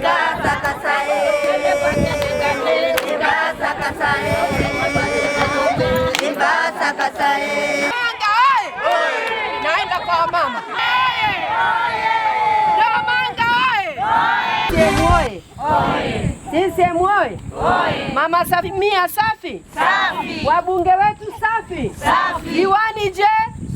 naenda oye! Mama Samia safi, wabunge wetu safi, diwani je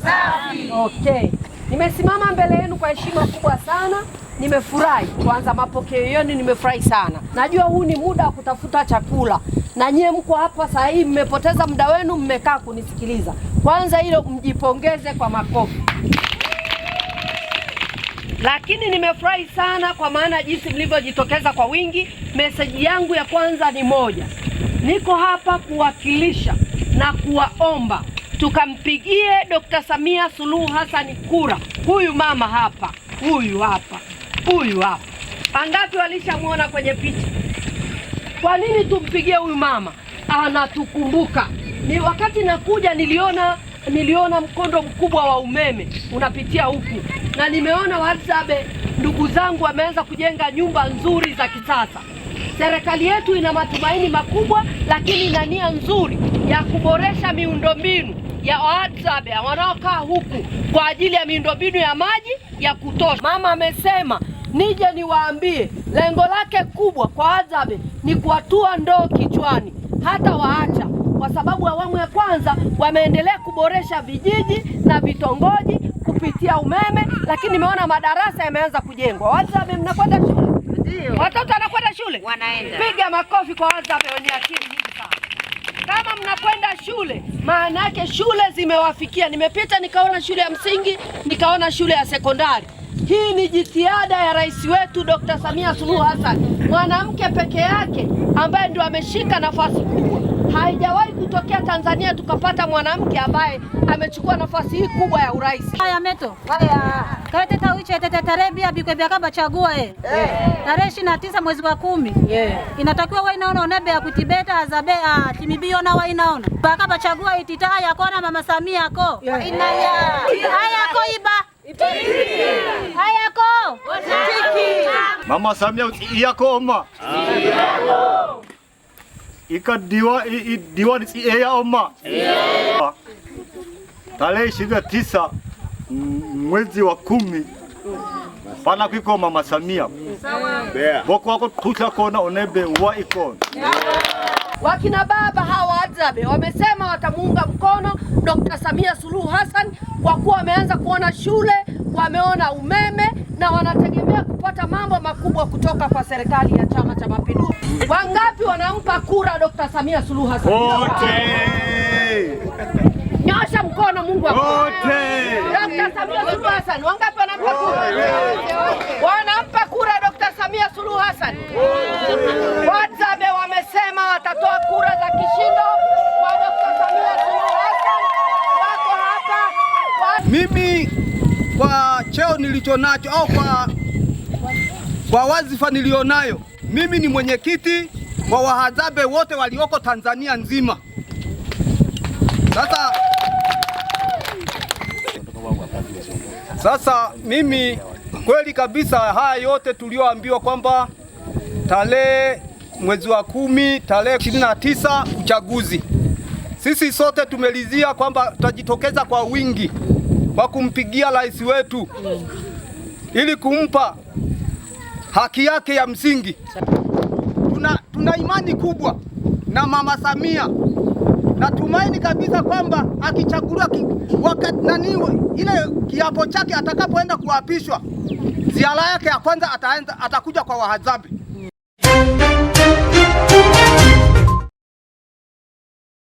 safi. Okay, nimesimama mbele yenu kwa heshima kubwa sana nimefurahi kwanza, mapokeo yenu nimefurahi sana. Najua huu ni muda wa kutafuta chakula na nyie mko hapa saa hii, mmepoteza muda wenu, mmekaa kunisikiliza. Kwanza hilo mjipongeze kwa makofi. Lakini nimefurahi sana kwa maana jinsi mlivyojitokeza kwa wingi. Meseji yangu ya kwanza ni moja, niko hapa kuwakilisha na kuwaomba tukampigie Dr. Samia Suluhu Hassan kura. Huyu mama hapa, huyu hapa huyu hapa. Pangapi walishamwona kwenye picha? Kwa nini tumpigie huyu mama? Anatukumbuka. Ni wakati nakuja niliona niliona mkondo mkubwa wa umeme unapitia huku, na nimeona wahadzabe ndugu zangu wameanza kujenga nyumba nzuri za kisasa. Serikali yetu ina matumaini makubwa, lakini ina nia nzuri ya kuboresha miundombinu ya wahadzabe wanaokaa huku kwa ajili ya miundombinu ya maji ya kutosha. Mama amesema nije niwaambie lengo lake kubwa kwa Adzabe ni kuwatua ndoo kichwani, hata waacha kwa sababu awamu ya kwanza wameendelea kuboresha vijiji na vitongoji kupitia umeme, lakini nimeona madarasa yameanza kujengwa. Wazame, mnakwenda shule? Ndio. Watoto wanakwenda shule? Wanaenda. Piga makofi kwa Wazame wenye akili nyingi sana. Kama mnakwenda shule, maana yake shule zimewafikia. Nimepita nikaona shule ya msingi, nikaona shule ya sekondari. Hii ni jitihada ya rais wetu Dr. Samia Suluhu Hassan, mwanamke peke yake ambaye ndio ameshika nafasi kubwa. Haijawahi kutokea Tanzania tukapata mwanamke ambaye amechukua nafasi hii kubwa ya urais. Haya meto. Haya. Kaete tawiche tete tarebia bia kaba chagua eh. eh. Tarehe ishirini na tisa mwezi wa kumi. Yeah. Inatakiwa wewe inaona onebe ya kutibeta azabe a ah, timibio na wewe inaona. Bakaba chagua ititaya yako mama Samia ko. Yeah. Inaya. Haya ko iba. Iba. Mama Samia oma iyakoma ika diwa diwa i, diwani siyeya oma tarehe ishirini na tisa mwezi wa kumi pana kwiko Mama Samia boko wako tuta kona onebe wa ikona Wakina baba hawa Wahadzabe wamesema watamuunga mkono Dr. Samia Suluhu Hassan kwa kuwa wameanza kuona shule, wameona umeme na wanategemea kupata mambo makubwa kutoka kwa serikali ya Chama cha Mapinduzi. Wangapi wanampa kura Dr. Samia Suluhu Hassan? Wote. Nyosha mkono Mungu akubariki. Wote. Dr. Samia Suluhu Hassan, wangapi wanampa kura? Wote. Mimi kwa cheo nilicho nacho au kwa, kwa wazifa nilionayo mimi ni mwenyekiti wa wahadzabe wote walioko Tanzania nzima. Sasa, sasa mimi kweli kabisa haya yote tulioambiwa kwamba tarehe mwezi wa kumi tarehe 29 uchaguzi, sisi sote tumelizia kwamba tutajitokeza kwa wingi kwa kumpigia rais wetu ili kumpa haki yake ya msingi. Tuna, tuna imani kubwa na Mama Samia. Natumaini kabisa kwamba akichaguliwa wakati nani ile kiapo chake atakapoenda kuapishwa, ziara yake ya kwanza ataenda atakuja kwa wahadzabe.